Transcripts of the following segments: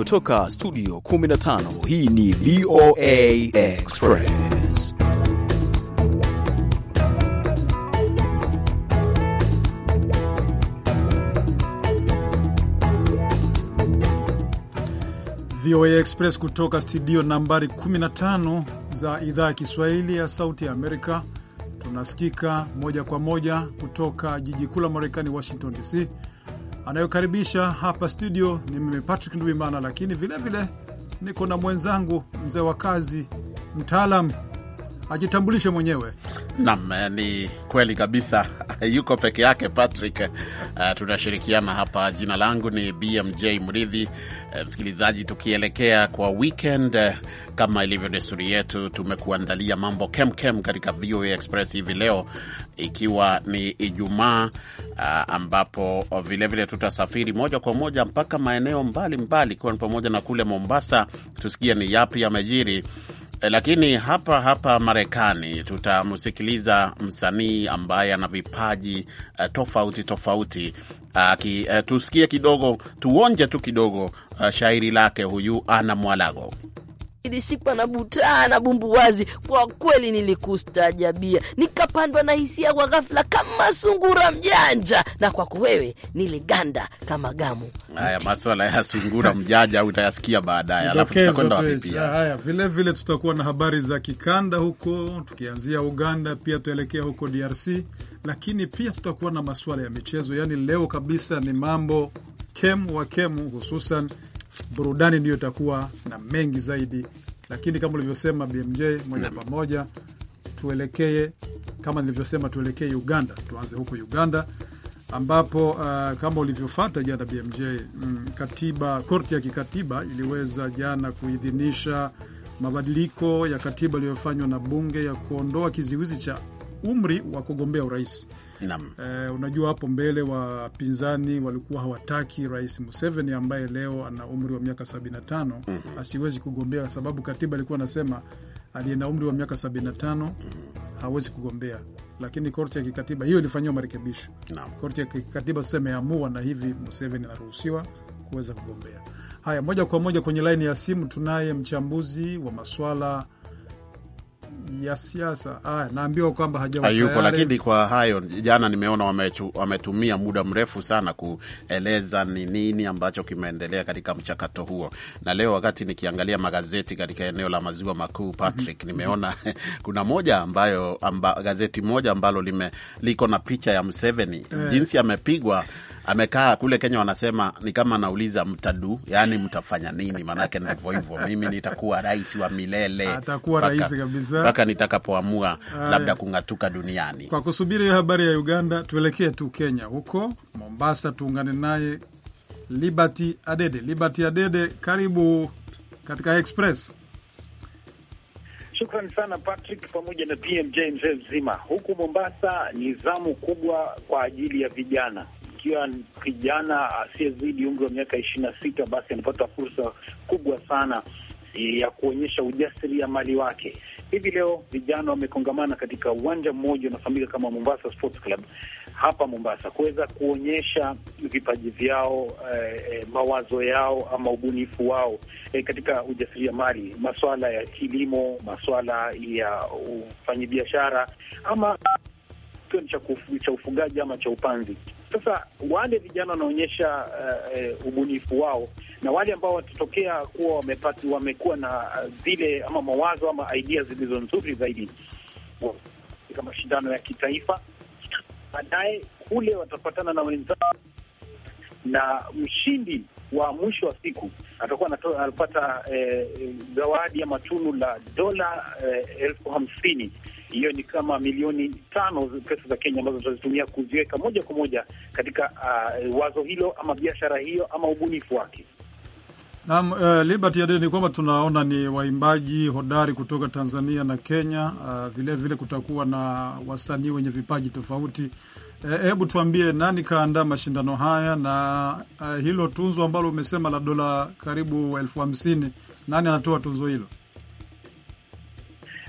kutoka studio 15 hii ni VOA Express VOA Express kutoka studio nambari 15 za idhaa ya Kiswahili ya Sauti ya Amerika tunasikika moja kwa moja kutoka jiji kuu la Marekani Washington DC anayokaribisha hapa studio ni mimi Patrick Ndwimana, lakini vilevile niko na mwenzangu mzee wa kazi, mtaalam. Ajitambulishe mwenyewe. Nam, ni kweli kabisa yuko peke yake Patrick. Uh, tunashirikiana hapa. Jina langu ni BMJ Mridhi. Uh, eh, msikilizaji, tukielekea kwa weekend, uh, kama ilivyo desturi yetu, tumekuandalia mambo kemkem katika VOA Express hivi leo, ikiwa ni Ijumaa, uh, ambapo vilevile vile tutasafiri moja kwa moja mpaka maeneo mbalimbali, ikiwa ni pamoja na kule Mombasa, tusikie ni yapi yamejiri lakini hapa hapa Marekani tutamsikiliza msanii ambaye ana vipaji eh, tofauti tofauti. uh, tusikie kidogo, tuonje tu kidogo eh, shairi lake huyu Ana Mwalago ilishikwa na butaa ah, na bumbuwazi, kwa kweli nilikustajabia nikapandwa na hisia kwa ghafla kama sungura mjanja, na kwako wewe niliganda kama gamu. Haya maswala ya sungura mjanja utayasikia baadaye, alafu tutakwenda wapi pia. Haya vile vile tutakuwa na habari za kikanda huko, tukianzia Uganda, pia tuelekea huko DRC, lakini pia tutakuwa na masuala ya michezo. Yani leo kabisa ni mambo kemu wa kemu, hususan burudani ndiyo itakuwa na mengi zaidi, lakini kama ulivyosema BMJ moja kwa moja tuelekee, kama nilivyosema, tuelekee Uganda. Tuanze huko Uganda ambapo uh, kama ulivyofata jana BMJ, mm, katiba korti ya kikatiba iliweza jana kuidhinisha mabadiliko ya katiba iliyofanywa na bunge ya kuondoa kizuizi cha umri wa kugombea urais. Eh, unajua hapo mbele wapinzani walikuwa hawataki Rais Museveni ambaye leo ana umri wa miaka 75 mm -hmm. asiwezi kugombea kwa sababu katiba ilikuwa nasema aliye na umri wa miaka 75 mm -hmm. hawezi kugombea lakini korti ya kikatiba hiyo ilifanyiwa marekebisho. Korti ya kikatiba sasa imeamua, na hivi Museveni anaruhusiwa kuweza kugombea. Haya, moja kwa moja kwenye laini ya simu tunaye mchambuzi wa maswala ya siasa ah, naambiwa kwamba hayupo. Lakini kwa hayo jana, nimeona wamechu, wametumia muda mrefu sana kueleza ni nini ambacho kimeendelea katika mchakato huo, na leo wakati nikiangalia magazeti katika eneo la maziwa makuu, Patrick, mhm. nimeona kuna moja ambayo amba, gazeti moja ambalo lime, liko na picha ya Museveni eh, jinsi amepigwa amekaa kule Kenya, wanasema ni kama anauliza mtadu, yani mtafanya nini? Maanake ndivyo hivyo, mimi nitakuwa rais wa milele, atakuwa rais kabisa mpaka nitakapoamua labda kung'atuka duniani. Kwa kusubiri hiyo habari ya Uganda, tuelekee tu Kenya, huko Mombasa, tuungane naye Liberty Adede. Liberty Adede, karibu katika Express. Shukran sana Patrick pamoja na PMJ mzee mzima. Huku Mombasa ni zamu kubwa kwa ajili ya vijana ikiwa kijana asiyezidi umri wa miaka ishirini na sita, basi anapata fursa kubwa sana e, ya kuonyesha mali wake. Hivi leo vijana wamekongamana katika uwanja mmoja unafahamika kama Mombasa Sports Club hapa Mombasa, kuweza kuonyesha vipaji vyao, e, e mawazo yao ama ubunifu wao e, katika ujasiriamali, maswala ya kilimo, maswala ya ufanyabiashara ama cha ufugaji ama cha upanzi. Sasa wale vijana wanaonyesha uh, ubunifu wao na wale ambao watatokea kuwa wamepati, wamekuwa na eh, zile ama mawazo ama idea zilizo nzuri zaidi katika mashindano ya kitaifa, baadaye kule watapatana na wenzao, na mshindi wa mwisho wa siku atakuwa anapata eh, zawadi ama la dola eh, elfu hamsini hiyo ni kama milioni tano pesa za Kenya ambazo tutazitumia kuziweka moja kwa moja katika uh, wazo hilo ama biashara hiyo ama ubunifu wake. Naam, uh, Liberty Adede, ni kwamba tunaona ni waimbaji hodari kutoka Tanzania na Kenya. Uh, vile vile kutakuwa na wasanii wenye vipaji tofauti. Eh, hebu uh, tuambie nani kaandaa mashindano haya na uh, hilo tunzo ambalo umesema la dola karibu elfu hamsini nani anatoa tunzo hilo?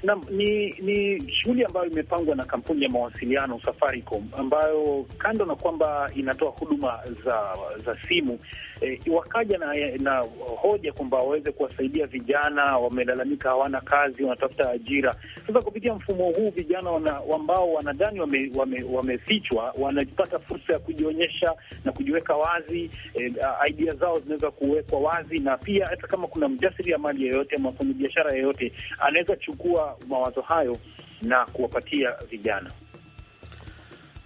Na, ni ni shughuli ambayo imepangwa na kampuni ya mawasiliano Safaricom, ambayo kando na kwamba inatoa huduma za za simu e, wakaja na, na hoja kwamba waweze kuwasaidia vijana. Wamelalamika hawana kazi, wanatafuta ajira. Sasa kupitia mfumo huu vijana wana, ambao wanadhani wamefichwa, wame, wame wanapata fursa ya kujionyesha na kujiweka wazi. E, idea zao zinaweza kuwekwa wazi, na pia hata kama kuna mjasiri ya mali yeyote ama mfanyabiashara yeyote anaweza chukua mawazo hayo na kuwapatia vijana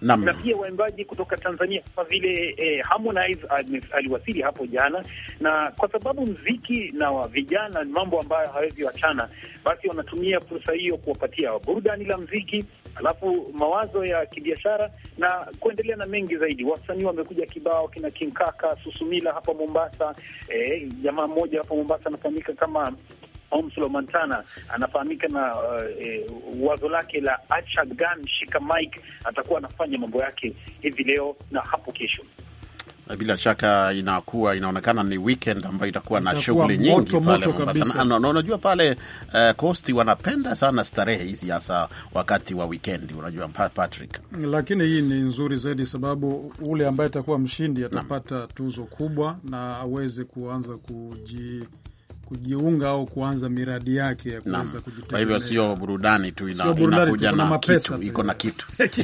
Nam. na pia waimbaji kutoka Tanzania kama vile eh, Harmonize aliwasili hapo jana, na kwa sababu mziki na wa vijana ni mambo ambayo hawezi wachana basi wanatumia fursa hiyo kuwapatia burudani la mziki, alafu mawazo ya kibiashara na kuendelea na mengi zaidi. Wasanii wamekuja kibao, kina Kinkaka Susumila hapa Mombasa, eh, jamaa mmoja hapa Mombasa anafahamika kama Omslo Montana anafahamika na uh, e, wazo lake la acha gun shika mic. Atakuwa anafanya mambo yake hivi leo na hapo kesho. Bila shaka inakuwa inaonekana ni weekend ambayo itakuwa na shughuli nyingi pale Mombasa, na unajua pale eh, Coast wanapenda sana starehe hizi, hasa wakati wa weekend, unajua Patrick. Lakini hii ni nzuri zaidi, sababu ule ambaye atakuwa mshindi atapata tuzo kubwa na aweze kuanza kuji kujiunga au kuanza miradi yake ya kuweza kujitegemea. Kwa hivyo sio burudani tu, ina, inakuja na mapesa, iko na kitu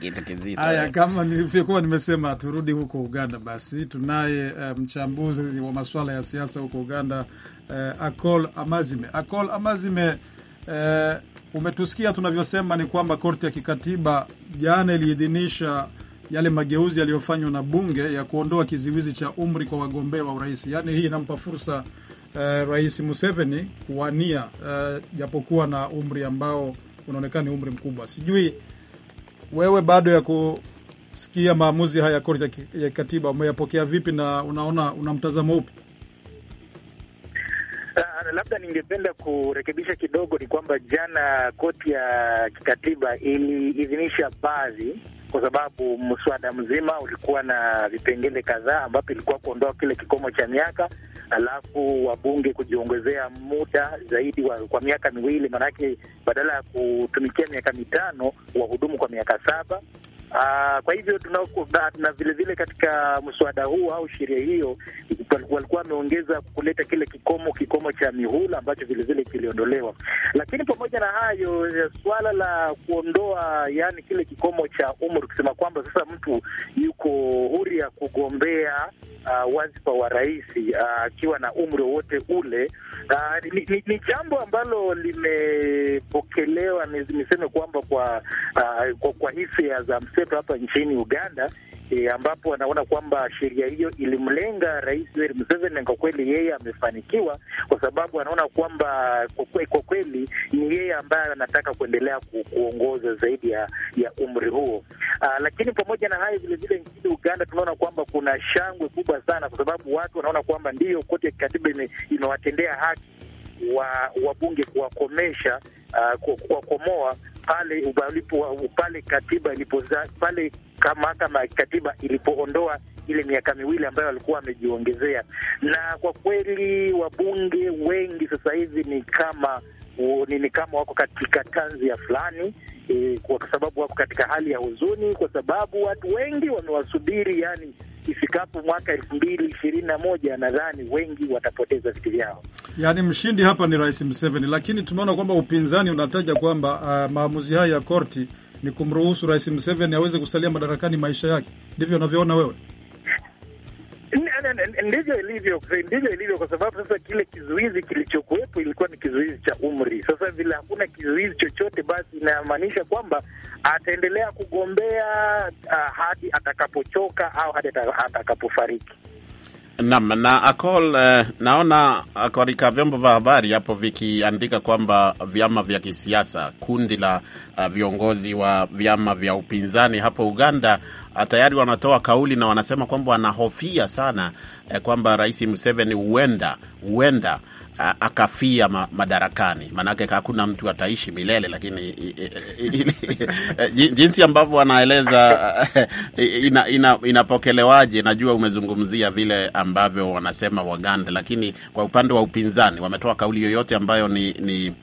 kitu kizito. Haya, eh. kama nilivyokuwa nimesema, turudi huko Uganda. Basi tunaye eh, mchambuzi um, wa masuala ya siasa huko Uganda uh, Akol Amazime. Akol Amazime, uh, umetusikia tunavyosema, ni kwamba korti ya kikatiba jana iliidhinisha yale mageuzi yaliyofanywa na bunge ya kuondoa kiziwizi cha umri kwa wagombea wa urais. Yaani hii inampa fursa Eh, Rais Museveni kuwania eh, japokuwa na umri ambao unaonekana ni umri mkubwa. Sijui wewe bado ya kusikia maamuzi haya ya korti ya kikatiba umeyapokea vipi na unaona una mtazamo upi? Ah, labda ningependa kurekebisha kidogo, ni kwamba jana koti ya kikatiba iliidhinisha baadhi kwa sababu mswada mzima ulikuwa na vipengele kadhaa ambapo ilikuwa kuondoa kile kikomo cha miaka, alafu wabunge kujiongezea muda zaidi wa, kwa miaka miwili. Maanake badala ya kutumikia miaka mitano wahudumu kwa miaka saba, Uh, kwa hivyo tuna, na vile vile katika mswada huu au sheria hiyo walikuwa wameongeza kuleta kile kikomo kikomo cha mihula ambacho vile vile kiliondolewa. Lakini pamoja na hayo, eh, suala la kuondoa yani kile kikomo cha umri, kusema kwamba sasa mtu yuko huru ya kugombea uh, ah, wadhifa wa rais ah, akiwa uh, na umri wowote ule uh, ni, ni, ni jambo ambalo limepokelewa niseme kwamba kwa, uh, kwa, kwa hisia za kwetu hapa nchini Uganda e, ambapo wanaona kwamba sheria hiyo ilimlenga Rais Yoweri Museveni, na kwa kweli yeye amefanikiwa, kwa sababu anaona kwamba kwa kweli ni yeye ambaye anataka kuendelea ku, kuongoza zaidi ya, ya umri huo. Aa, lakini pamoja na hayo vilevile nchini Uganda tunaona kwamba kuna shangwe kubwa sana, kwa sababu watu wanaona kwamba ndiyo koti ya kikatiba imewatendea haki wa wabunge kuwakomesha uh, kuwakomoa pale pale katiba ilipoza pale mahakama ya katiba ilipoondoa ile miaka miwili ambayo alikuwa wamejiongezea Na kwa kweli wabunge wengi sasa hivi ni kama ni kama wako katika tanzia fulani e, kwa sababu wako katika hali ya huzuni, kwa sababu watu wengi wamewasubiri yani ifikapo mwaka elfu mbili ishirini na moja nadhani wengi watapoteza viti vyao. Yaani mshindi hapa ni Rais Museveni, lakini tumeona kwamba upinzani unataja kwamba uh, maamuzi haya ya korti ni kumruhusu Rais Museveni aweze kusalia madarakani maisha yake. Ndivyo unavyoona wewe? Yaani, ndivyo ilivyo, ndivyo ilivyo, kwa sababu sasa kile kizuizi kilichokuwepo ilikuwa ni kizuizi cha umri. Sasa vile hakuna kizuizi chochote, basi inamaanisha kwamba ataendelea kugombea uh, hadi atakapochoka au hadi atakapofariki. Naam, na Akol eh, naona katika vyombo vya habari hapo vikiandika kwamba vyama vya kisiasa, kundi la uh, viongozi wa vyama vya upinzani hapo Uganda eh, tayari wanatoa kauli na wanasema kwamba wanahofia sana eh, kwamba Rais Museveni huenda huenda akafia madarakani, maanake hakuna mtu ataishi milele, lakini e, jinsi ambavyo anaeleza e, e, ina, ina, inapokelewaje? Najua umezungumzia vile ambavyo wanasema Waganda, lakini kwa upande wa upinzani wametoa kauli yoyote ambayo ni, ni,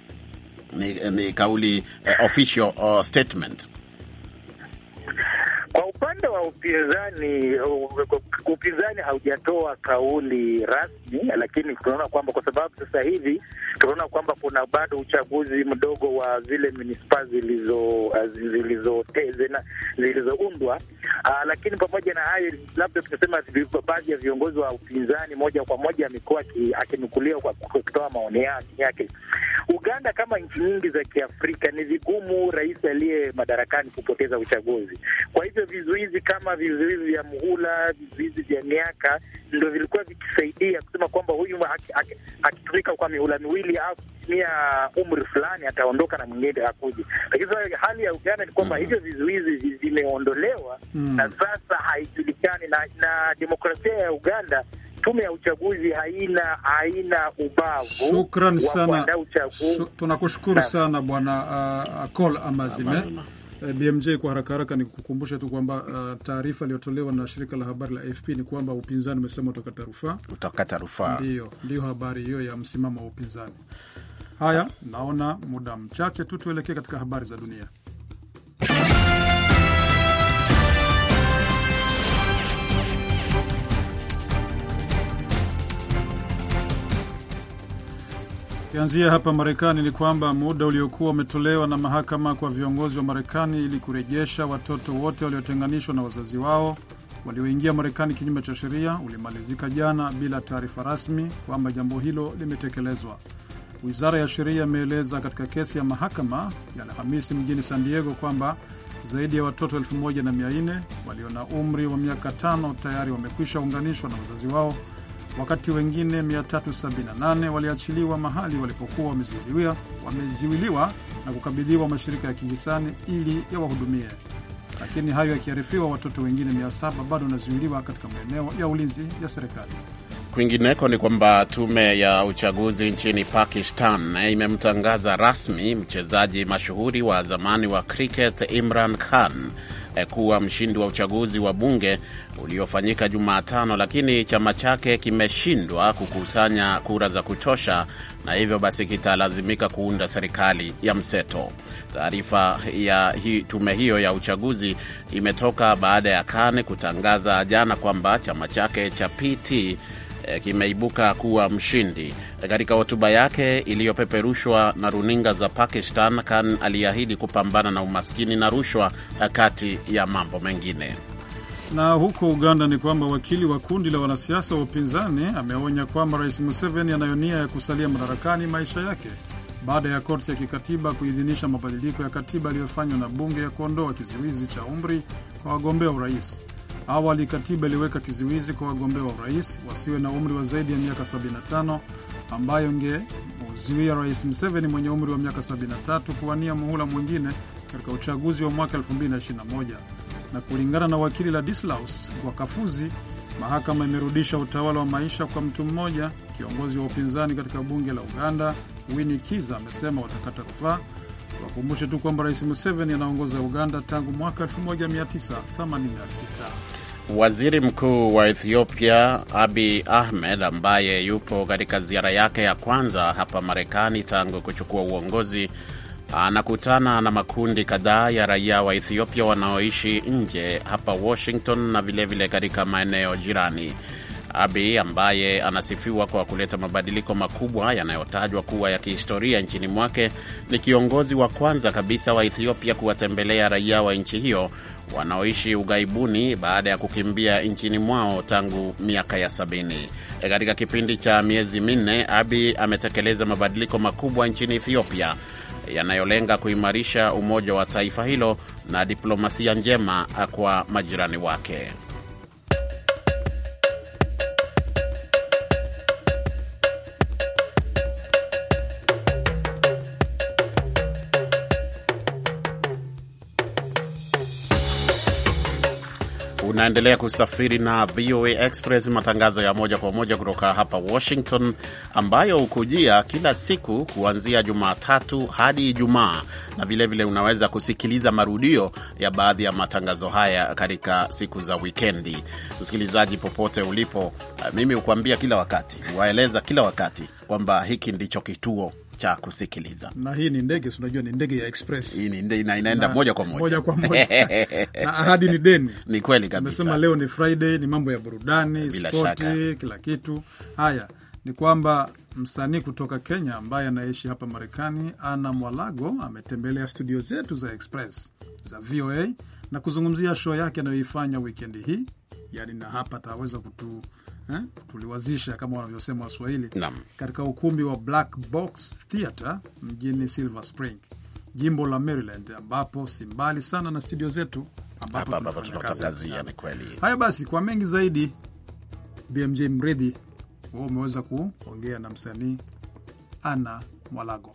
ni, ni kauli uh, official uh, statement upande wa upinzani, upinzani haujatoa kauli rasmi, lakini tunaona kwamba kwa sababu sasa hivi tunaona kwamba kuna bado uchaguzi mdogo wa zile manispaa zilizo zilizoundwa, ah, lakini pamoja na hayo, labda tunasema baadhi ya viongozi wa upinzani moja kwa moja amekuwa akinukuliwa kwa kutoa maoni yake. Uganda kama nchi nyingi za Kiafrika ni vigumu rais aliye madarakani kupoteza uchaguzi, kwa hivyo vizuizi vizuizi kama vizuizi vya muhula, vizuizi vya miaka ndo vilikuwa vikisaidia kusema kwamba huyu akitumika kwa mihula miwili au kutumia umri fulani ataondoka na mwingine akuja. Lakini sasa hali ya Uganda ni kwamba mm-hmm. hivyo vizuizi vimeondolewa mm. na sasa haijulikani na, na demokrasia ya Uganda Tume ya uchaguzi haina haina ubavu. Shukran sana, tunakushukuru sana bwana uh, Akol Amazime, Eh, BMJ, kwa haraka haraka ni kukumbusha tu kwamba uh, taarifa iliyotolewa na shirika la habari la AFP ni kwamba upinzani umesema utakata rufaa, utakata rufaa. Ndiyo, ndiyo habari hiyo ya msimamo wa upinzani. Haya, naona muda mchache tu tuelekee katika habari za dunia. Tukianzia hapa Marekani ni kwamba muda uliokuwa umetolewa na mahakama kwa viongozi wa Marekani ili kurejesha watoto wote waliotenganishwa na wazazi wao walioingia Marekani kinyume cha sheria ulimalizika jana bila taarifa rasmi kwamba jambo hilo limetekelezwa. Wizara ya Sheria imeeleza katika kesi ya mahakama ya Alhamisi mjini San Diego kwamba zaidi ya watoto 1400 walio na umri wa miaka tano tayari wamekwisha unganishwa na wazazi wao wakati wengine 378 waliachiliwa mahali walipokuwa wameziwiliwa, wameziwiliwa na kukabidhiwa mashirika ya kihisani ili yawahudumie. Lakini hayo yakiarifiwa, watoto wengine 700 bado wanazuiliwa katika maeneo ya ulinzi ya serikali. Kwingineko ni kwamba tume ya uchaguzi nchini Pakistan imemtangaza rasmi mchezaji mashuhuri wa zamani wa cricket Imran Khan Eh, kuwa mshindi wa uchaguzi wa bunge uliofanyika Jumatano, lakini chama chake kimeshindwa kukusanya kura za kutosha na hivyo basi kitalazimika kuunda serikali ya mseto. Taarifa ya hi, tume hiyo ya uchaguzi imetoka baada ya Kane kutangaza jana kwamba chama chake cha PT Eh, kimeibuka kuwa mshindi. Katika hotuba yake iliyopeperushwa na runinga za Pakistan, Khan aliahidi kupambana na umaskini na rushwa, eh, kati ya mambo mengine. Na huko Uganda ni kwamba wakili wa kundi la wanasiasa wa upinzani ameonya kwamba Rais Museveni anayo nia ya kusalia madarakani maisha yake baada ya korti ya kikatiba kuidhinisha mabadiliko ya katiba yaliyofanywa na bunge ya kuondoa kizuizi cha umri kwa wagombea urais. Awali katiba iliweka kizuizi kwa wagombea wa urais wasiwe na umri wa zaidi ya miaka 75 ambayo muzuia Rais Museveni mwenye umri wa miaka 73 kuwania muhula mwingine katika uchaguzi wa mwaka 2021. Na kulingana na wakili Ladislaus kafuzi mahakama imerudisha utawala wa maisha kwa mtu mmoja. Kiongozi wa upinzani katika bunge la Uganda Winnie Kiza amesema watakata rufaa Wakumbushe tu kwamba Rais Museveni anaongoza Uganda tangu mwaka 1986. Waziri Mkuu wa Ethiopia Abi Ahmed, ambaye yupo katika ziara yake ya kwanza hapa Marekani tangu kuchukua uongozi, anakutana na makundi kadhaa ya raia wa Ethiopia wanaoishi nje hapa Washington na vilevile katika maeneo jirani abi ambaye anasifiwa kwa kuleta mabadiliko makubwa yanayotajwa kuwa ya kihistoria nchini mwake ni kiongozi wa kwanza kabisa wa Ethiopia kuwatembelea raia wa nchi hiyo wanaoishi ughaibuni baada ya kukimbia nchini mwao tangu miaka ya sabini. E, katika kipindi cha miezi minne, abi ametekeleza mabadiliko makubwa nchini Ethiopia yanayolenga kuimarisha umoja wa taifa hilo na diplomasia njema kwa majirani wake. Unaendelea kusafiri na VOA Express, matangazo ya moja kwa moja kutoka hapa Washington, ambayo hukujia kila siku kuanzia Jumatatu hadi Ijumaa, na vilevile vile unaweza kusikiliza marudio ya baadhi ya matangazo haya katika siku za wikendi. Msikilizaji popote ulipo, mimi hukuambia kila wakati, waeleza kila wakati kwamba hiki ndicho kituo cha kusikiliza. Na hii ni ndege, unajua ni ndege ya express, hii ni inaenda moja kwa moja, moja kwa moja na ahadi ni deni. Ni kweli kabisa. Nimesema leo ni Friday, ni mambo ya burudani, spoti, kila kitu. Haya, ni kwamba msanii kutoka Kenya ambaye anaishi hapa Marekani, Ana Mwalago ametembelea studio zetu za Express za VOA na kuzungumzia show yake anayoifanya wikendi hii, yani na hapa ataweza kutu Eh? tuliwazisha kama wanavyosema Waswahili katika ukumbi wa Black Box Theater mjini Silver Spring, jimbo la Maryland, ambapo si mbali sana na studio zetu ambapo tunatangazia. Ni kweli haya. Basi kwa mengi zaidi, BMJ Mridhi, wewe umeweza kuongea na msanii Ana Mwalago.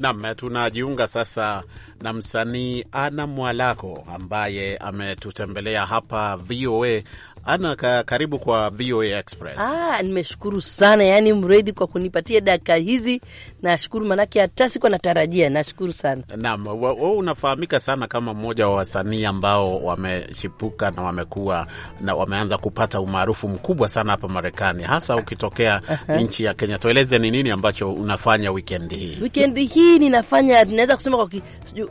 Nam, tunajiunga sasa na msanii Ana Mwalago ambaye ametutembelea hapa VOA ana ka, karibu kwa VOA Express. Ah, nimeshukuru sana yani mredi kwa kunipatia dakika hizi. Nashukuru manake hata sikuwa natarajia. Nashukuru sana. Naam, wewe unafahamika sana kama mmoja wa wasanii ambao wameshipuka na wamekuwa na wameanza kupata umaarufu mkubwa sana hapa Marekani, hasa ukitokea uh-huh, nchi ya Kenya. Tueleze ni nini ambacho unafanya wikendi hii? Wikendi hii ninafanya naweza kusema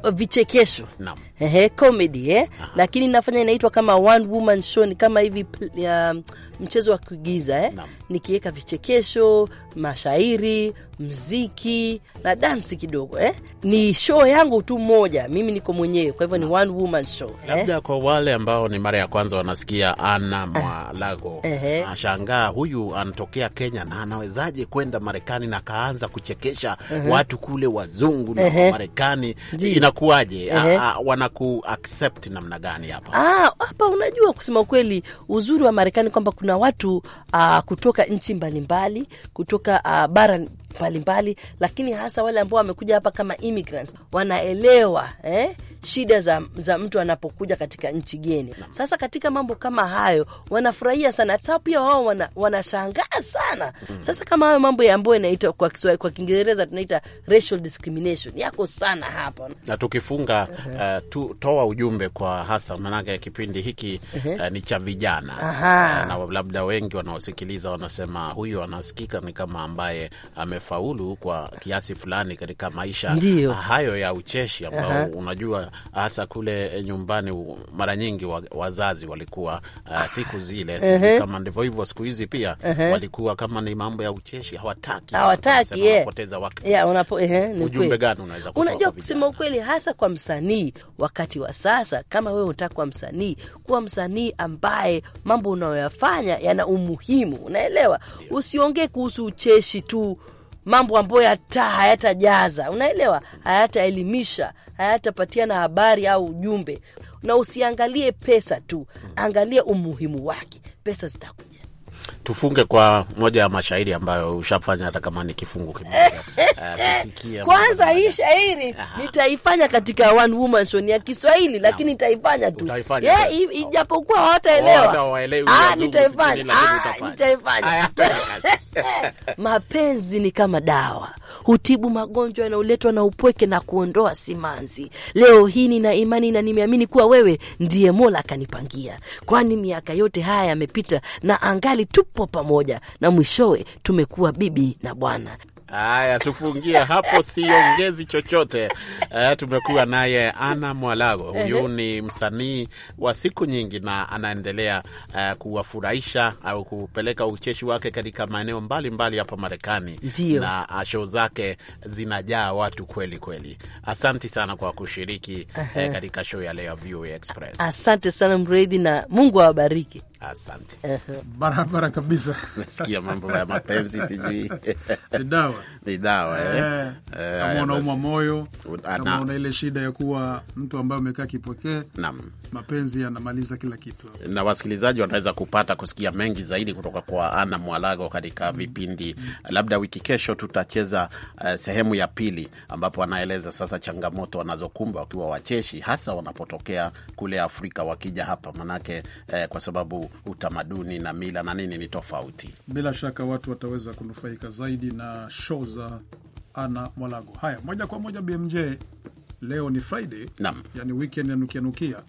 kwa vichekesho. Naam. Ehe, comedy eh. Lakini nafanya inaitwa kama one woman show, ni kama hivi um, mchezo wa kuigiza eh? Nikiweka vichekesho, mashairi, mziki na dansi kidogo eh? Ni show yangu tu moja, mimi niko mwenyewe, kwa hivyo ni one woman show. Eh? Labda eh? Kwa wale ambao ni mara ya kwanza wanasikia Ana eh. Mwalago eh, ashangaa huyu anatokea Kenya na anawezaje kwenda Marekani na akaanza kuchekesha eh, watu kule wazungu na eh, Marekani inakuwaje? Eh, wanaku namna gani hapa? Ah, hapa unajua kusema ukweli uzuri wa Marekani kwamba kuna watu uh, kutoka nchi mbalimbali kutoka uh, bara mbalimbali, lakini hasa wale ambao wamekuja hapa kama immigrants wanaelewa eh? shida za, za mtu anapokuja katika nchi geni. Sasa katika mambo kama hayo wanafurahia sana, hata pia wao wana, wanashangaa sana. Sasa kama hayo mambo ambayo inaitwa kwa Kiswahili, kwa Kiingereza tunaita racial discrimination yako sana hapa. Na tukifunga uh, tu, toa ujumbe kwa hasa manake kipindi hiki uh, ni cha vijana uh, na labda wengi wanaosikiliza wanasema huyu anasikika ni kama ambaye amefaulu kwa kiasi fulani katika maisha Ndiyo. hayo ya ucheshi ambao unajua hasa kule eh, nyumbani, mara nyingi wazazi walikuwa uh, siku zile uh -huh. kama ndivyo hivyo, siku hizi pia uh -huh. walikuwa kama ni mambo ya ucheshi, hawataki hawataki wakati. Ujumbe gani unaweza kutoa? Unajua, kusema ukweli, hasa kwa msanii wakati wa sasa, kama wewe unataka kuwa msanii, kuwa msanii ambaye mambo unayoyafanya yana umuhimu, unaelewa, usiongee kuhusu ucheshi tu mambo ambayo hata hayatajaza, unaelewa, hayataelimisha, hayatapatiana habari au ujumbe. Na usiangalie pesa tu, angalia umuhimu wake. Pesa zitaku Tufunge kwa moja ya mashairi ambayo ushafanya hata kama ni kifungu kimoja. Eh, eh, eh, kwanza hii shairi nitaifanya katika one woman show ya Kiswahili, lakini nitaifanya tu ijapokuwa hawataelewa, oh, ah, nitaifanya. Ah, Mapenzi ni kama dawa hutibu magonjwa yanayoletwa na upweke na kuondoa simanzi. Leo hii nina imani na nimeamini kuwa wewe ndiye Mola akanipangia, kwani miaka yote haya yamepita na angali tupo pamoja, na mwishowe tumekuwa bibi na bwana. Haya, tufungie hapo, siongezi chochote. Uh, tumekuwa naye Ana Mwalago, huyu ni msanii wa siku nyingi na anaendelea uh, kuwafurahisha au kupeleka ucheshi wake katika maeneo mbalimbali hapa Marekani, na ah, show zake zinajaa watu kweli kweli. Asante sana kwa kushiriki uh, katika show ya leo ya VOA Express. Asante sana Mredi, na Mungu awabariki. Asante, barabara kabisa. Nasikia mambo ya mapenzi sijui ni dawa ni dawa eh, kama eh, eh, unaumwa moyo, kama una ile shida ya kuwa mtu ambaye umekaa kipokee, naam, mapenzi yanamaliza kila kitu. Na wasikilizaji wanaweza kupata kusikia mengi zaidi kutoka kwa Ana Mwalago katika mm. vipindi mm. labda wiki kesho tutacheza uh, sehemu ya pili ambapo anaeleza sasa changamoto wanazokumba wakiwa wacheshi, hasa wanapotokea kule Afrika wakija hapa, manake eh, kwa sababu utamaduni na mila na nini ni tofauti. Bila shaka watu wataweza kunufaika zaidi na shows za Ana Mwalago. Haya, moja kwa moja BMJ, leo ni Friday, naam, yani weekend yanukianukia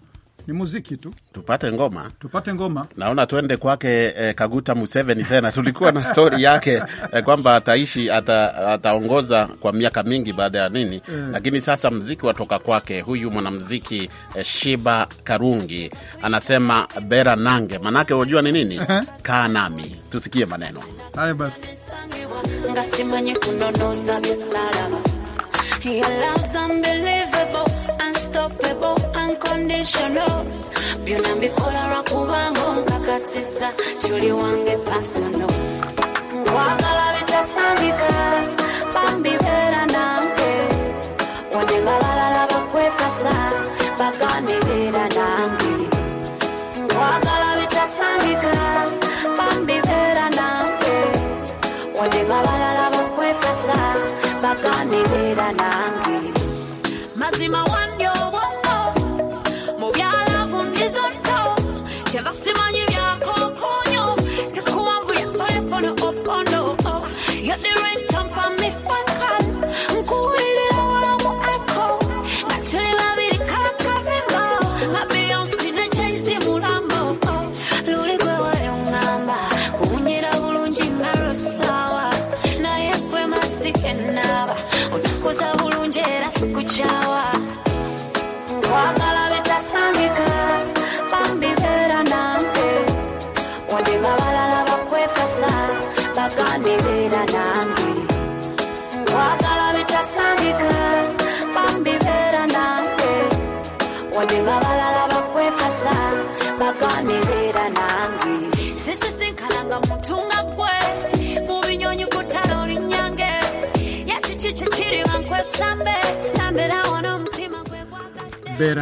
ni muziki tu, tupate ngoma, tupate ngoma. Naona tuende kwake eh, Kaguta Museveni tena. Tulikuwa na stori yake eh, kwamba ataishi ata, ataongoza kwa miaka mingi baada ya nini mm. lakini sasa mziki watoka kwake huyu mwanamziki eh, Shiba Karungi anasema bera nange, manake unajua ni nini? uh eh. -huh. Kaa nami tusikie maneno haya basi love unconditional byonna mbikola lwakubanga onkakasisa kyoli wange personal nkwagala bitasambika bambib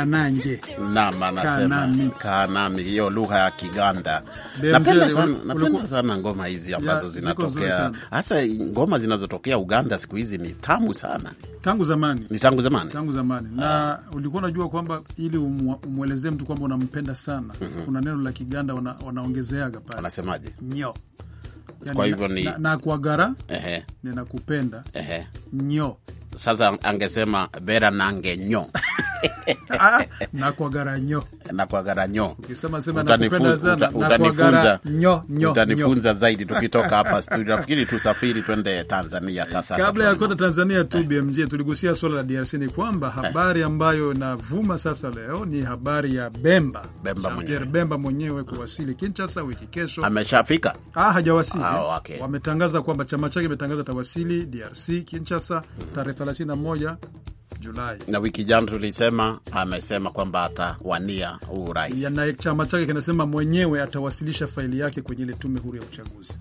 nanje nam anasema kanami, hiyo lugha ya Kiganda. Napenda sana, napenda sana ngoma hizi ambazo zinatokea hasa ngoma zinazotokea Uganda siku hizi ni tamu sana, tangu zamani ni tangu zamani, tangu zamani. Na ah. ulikuwa unajua kwamba ili umwelezee mtu kwamba unampenda sana mm -hmm. kuna neno la Kiganda wana, wanaongezeaga pale, wanasemaje? nyo yani, kwa hivyo ni na, na kuagara ehe, ninakupenda ehe, nyo sasa angesema bera nange nyo ah, nakwagara utanifunza zaidi tukitoka hapa studio. Nafikiri tusafiri twende Tanzania sasa. Kabla ya kwenda Tanzania tu, eh. BMJ, tuligusia swala la DRC. Ni kwamba eh. habari ambayo inavuma sasa leo ni habari ya Bemba Bemba mwenyewe, Bemba mwenyewe kuwasili Kinshasa wiki kesho. Ameshafika? Ah, hajawasili. Ah, okay. Wametangaza kwamba chama chake imetangaza tawasili DRC Kinshasa hmm. tarehe 31 Julai. Na wiki jana tulisema, amesema kwamba atawania urais, na chama chake kinasema mwenyewe atawasilisha faili yake kwenye ile tume huru ya uchaguzi.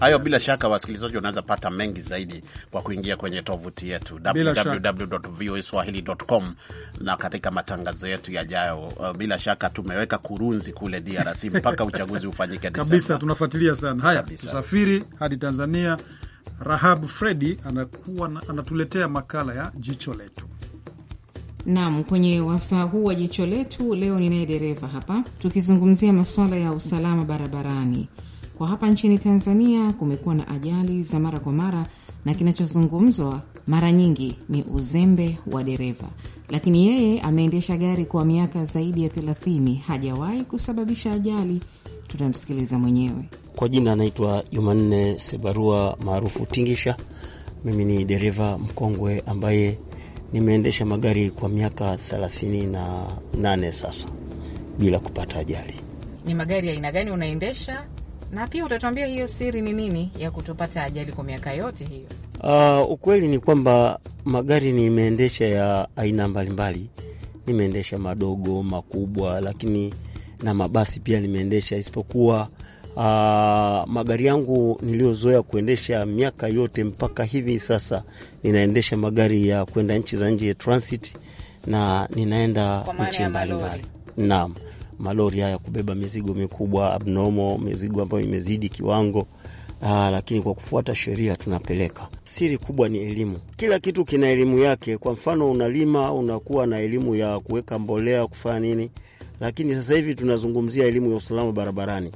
Hayo bila shaka, wasikilizaji wanaweza pata mengi zaidi kwa kuingia kwenye tovuti yetu www.voaswahili.com, na katika matangazo yetu yajayo, uh, bila shaka tumeweka kurunzi kule DRC mpaka uchaguzi ufanyike Kabisa, tunafuatilia sana haya. Tusafiri hadi Tanzania Rahab Fredi anakuwa anatuletea makala ya jicho letu. Naam, kwenye wasaa huu wa jicho letu leo ninaye dereva hapa, tukizungumzia masuala ya usalama barabarani. Kwa hapa nchini Tanzania kumekuwa na ajali za mara kwa mara, na kinachozungumzwa mara nyingi ni uzembe wa dereva, lakini yeye ameendesha gari kwa miaka zaidi ya thelathini, hajawahi kusababisha ajali. Tutamsikiliza mwenyewe. Kwa jina anaitwa Jumanne Sebarua maarufu Tingisha. Mimi ni dereva mkongwe ambaye nimeendesha magari kwa miaka thelathini na nane sasa bila kupata ajali. Ni magari aina gani unaendesha? Na pia utatuambia hiyo siri ni nini ya kutopata ajali kwa miaka yote hiyo? Uh, ukweli ni kwamba magari nimeendesha ya aina mbalimbali. Nimeendesha madogo, makubwa, lakini na mabasi pia nimeendesha, isipokuwa Aa, ah, magari yangu niliyozoea kuendesha miaka yote mpaka hivi sasa ninaendesha magari ya kwenda nchi za nje transit, na ninaenda nchi mbalimbali. Naam, malori haya kubeba mizigo mikubwa abnomo, mizigo ambayo imezidi kiwango. Aa, ah, lakini kwa kufuata sheria tunapeleka. Siri kubwa ni elimu. Kila kitu kina elimu yake. Kwa mfano, unalima unakuwa na elimu ya kuweka mbolea, kufanya nini, lakini sasa hivi tunazungumzia elimu ya usalama barabarani.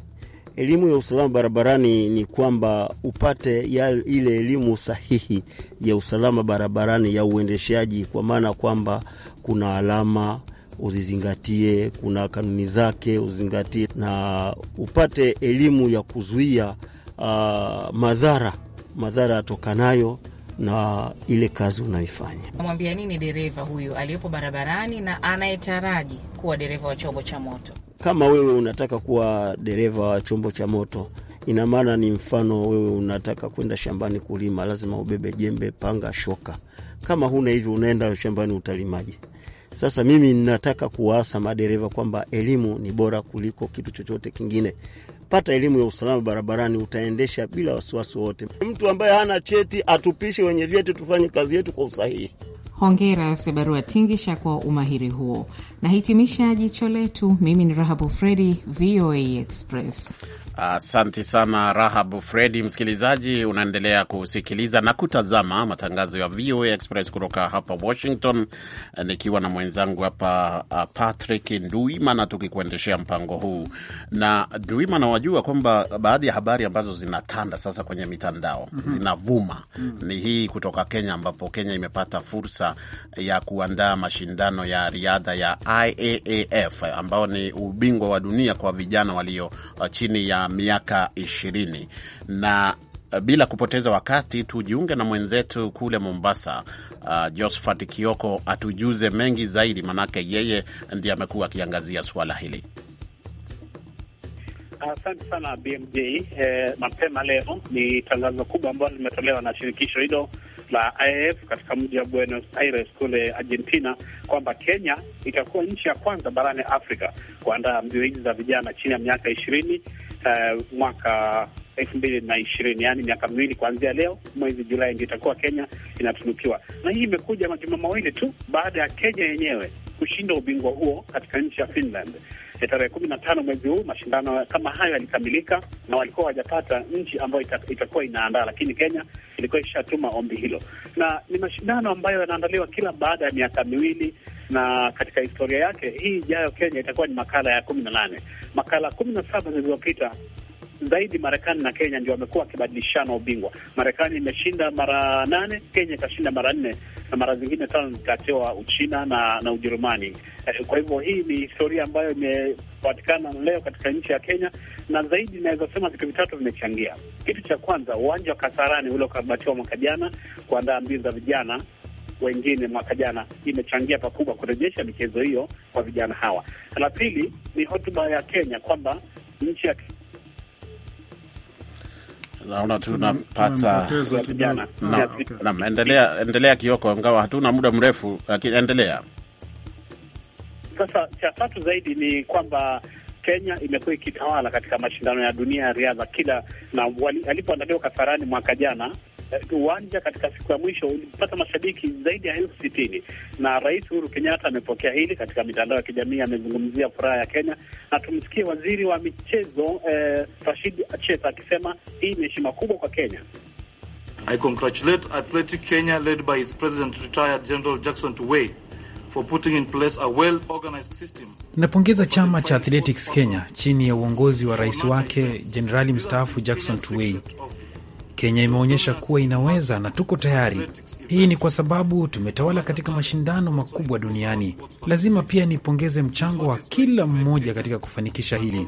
Elimu ya usalama barabarani ni kwamba upate ya ile elimu sahihi ya usalama barabarani ya uendeshaji, kwa maana kwamba kuna alama uzizingatie, kuna kanuni zake uzizingatie, na upate elimu ya kuzuia uh, madhara madhara yatokanayo na ile kazi unaifanya. Namwambia nini dereva huyu aliyepo barabarani na anayetaraji kuwa dereva wa chombo cha moto? Kama wewe unataka kuwa dereva wa chombo cha moto, ina maana ni mfano, wewe unataka kwenda shambani kulima, lazima ubebe jembe, panga, shoka. Kama huna hivyo, unaenda shambani utalimaje? Sasa mimi nataka kuwaasa madereva kwamba elimu ni bora kuliko kitu chochote kingine. Pata elimu ya usalama barabarani, utaendesha bila wasiwasi wote. Mtu ambaye hana cheti atupishe wenye vyeti, tufanye kazi yetu kwa usahihi. Hongera Sebarua Tingisha kwa umahiri huo. Nahitimisha jicho letu. Mimi ni Rahabu Fredi, VOA Express. Asante uh, sana Rahabu Fredi. Msikilizaji, unaendelea kusikiliza na kutazama matangazo ya VOA Express kutoka hapa Washington, nikiwa na mwenzangu hapa uh, Patrick Nduimana, tukikuendeshea mpango huu. Na Nduimana, wajua kwamba baadhi ya habari ambazo zinatanda sasa kwenye mitandao mm -hmm. zinavuma mm -hmm. ni hii kutoka Kenya, ambapo Kenya imepata fursa Eh, ya kuandaa mashindano ya riadha ya IAAF eh, ambao ni ubingwa wa dunia kwa vijana walio eh, chini ya miaka ishirini na bila kupoteza wakati tujiunge na mwenzetu kule Mombasa, uh, Josphat Kioko atujuze mengi zaidi, manake yeye ndiye amekuwa akiangazia suala hili. Asante sana BMJ. Eh, mapema leo ni tangazo kubwa ambalo limetolewa na shirikisho hilo la IAF katika mji wa Buenos Aires kule Argentina kwamba Kenya itakuwa nchi ya kwanza barani Afrika kuandaa mbio hizi za vijana chini ya miaka ishirini eh, mwaka elfu mbili na ishirini yaani miaka miwili kuanzia leo, mwezi Julai ndio itakuwa Kenya inatunukiwa, na hii imekuja majuma mawili tu baada ya Kenya yenyewe kushinda ubingwa huo katika nchi ya Finland e, tarehe kumi na tano mwezi huu mashindano kama hayo yalikamilika, na walikuwa wajapata nchi ambayo itakuwa inaandaa, lakini Kenya ilikuwa ishatuma ombi hilo, na ni mashindano ambayo yanaandaliwa kila baada ya miaka miwili na katika historia yake hii ijayo Kenya itakuwa ni makala ya kumi na nane. Makala kumi na saba zilizopita zaidi Marekani na Kenya ndio wamekuwa wakibadilishana ubingwa. Marekani imeshinda mara nane, Kenya ikashinda mara nne, na mara zingine tano zikatewa Uchina na na Ujerumani. Eh, kwa hivyo hii ni historia ambayo imepatikana leo katika nchi ya Kenya, na zaidi inaweza sema vitu vitatu vimechangia. Kitu cha kwanza, uwanja wa Kasarani ule ukarabatiwa mwaka jana kuandaa mbio za vijana wengine mwaka jana imechangia pakubwa kurejesha michezo hiyo kwa vijana hawa. La pili ni hotuba ya Kenya kwamba nchi ya Naona tunapata ah, Endelea, endelea Kioko, ingawa hatuna muda mrefu, lakini endelea. Sasa cha tatu zaidi ni kwamba Kenya imekuwa ikitawala katika mashindano ya dunia ya riadha kila na alipoandaliwa Kasarani mwaka jana eh, uwanja katika siku ya mwisho ulipata mashabiki zaidi ya elfu sitini na Rais Uhuru Kenyatta amepokea hili katika mitandao ya kijamii, amezungumzia furaha ya Kenya na tumsikie waziri wa michezo eh, Rashid Achesa akisema hii ni heshima kubwa kwa Kenya. I congratulate Athletic Kenya led by its president retired General Jackson Tuwei for putting in place a well organized system. Napongeza chama cha Athletics Kenya chini ya uongozi wa rais wake jenerali mstaafu Jackson Tuwei. Kenya imeonyesha kuwa inaweza na tuko tayari. Hii ni kwa sababu tumetawala katika mashindano makubwa duniani. Lazima pia nipongeze mchango wa kila mmoja katika kufanikisha hili,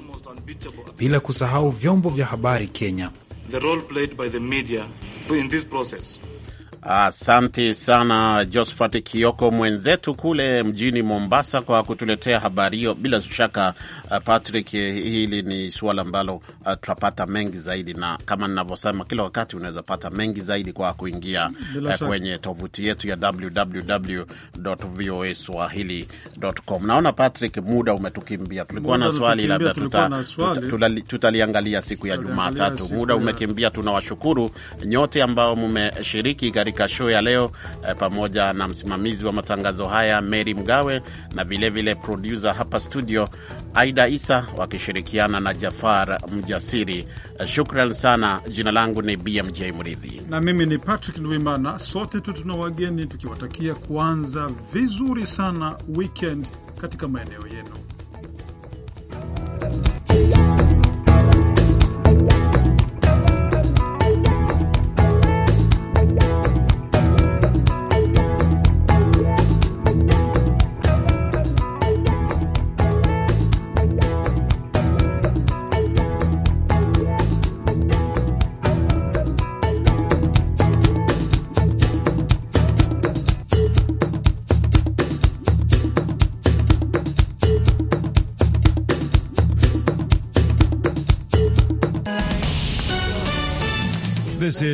bila kusahau vyombo vya habari Kenya, the role played by the media in this process. Asante sana Josphat Kioko, mwenzetu kule mjini Mombasa, kwa kutuletea habari hiyo. Bila shaka, uh, Patrick, hili ni suala ambalo uh, tutapata mengi zaidi, na kama ninavyosema kila wakati, unaweza pata mengi zaidi kwa kuingia uh, kwenye tovuti yetu ya www.voaswahili.com. Naona Patrick, muda umetukimbia. Tulikuwa na swali labda tutaliangalia siku ya Jumatatu. Muda umekimbia. Tunawashukuru nyote ambao mmeshiriki katika show ya leo eh, pamoja na msimamizi wa matangazo haya Mary Mgawe na vilevile produsa hapa studio Aida Isa wakishirikiana na Jafar Mjasiri. Eh, shukran sana. Jina langu ni BMJ Mridhi na mimi ni Patrick Ndwimana. Sote tu tuna wageni tukiwatakia kuanza vizuri sana weekend katika maeneo yenu.